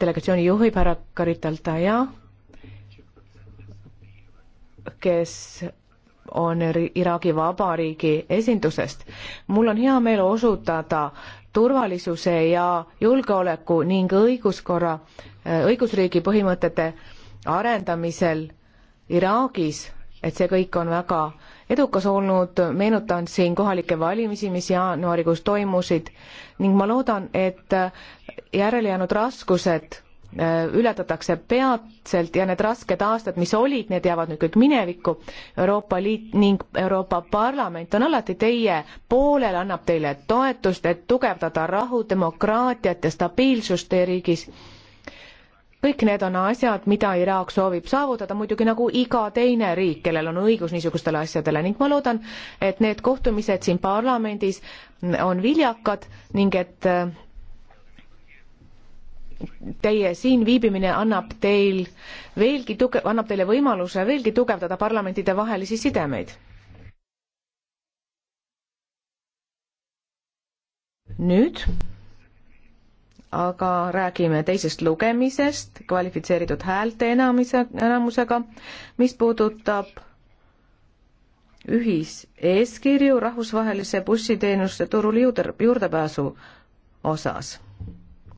delegatsiooni juhib härra Karitaltaja, kes on Iraagi Vabariigi esindusest. mul on hea meel osutada turvalisuse ja julgeoleku ning õiguskorra, õigusriigi põhimõtete arendamisel Iraagis, et see kõik on väga edukas olnud, meenutan siin kohalikke valimisi, mis jaanuarikuus toimusid ning ma loodan, et järele jäänud raskused äh, ületatakse peatselt ja need rasked aastad, mis olid, need jäävad nüüd kõik minevikku. Euroopa Liit ning Euroopa Parlament on alati teie poolel, annab teile toetust, et tugevdada rahu, demokraatiat ja stabiilsust teie riigis. kõik need on asjad, mida Iraak soovib saavutada, muidugi nagu iga teine riik, kellel on õigus niisugustele asjadele ning ma loodan, et need kohtumised siin parlamendis on viljakad ning et äh, teie siin viibimine annab teil veelgi tuge-, annab teile võimaluse veelgi tugevdada parlamentide vahelisi sidemeid. nüüd aga räägime teisest lugemisest kvalifitseeritud häälte enamise, enamusega, mis puudutab ühiseeskirju rahvusvahelise bussiteenuste turul juurde, juurdepääsu osas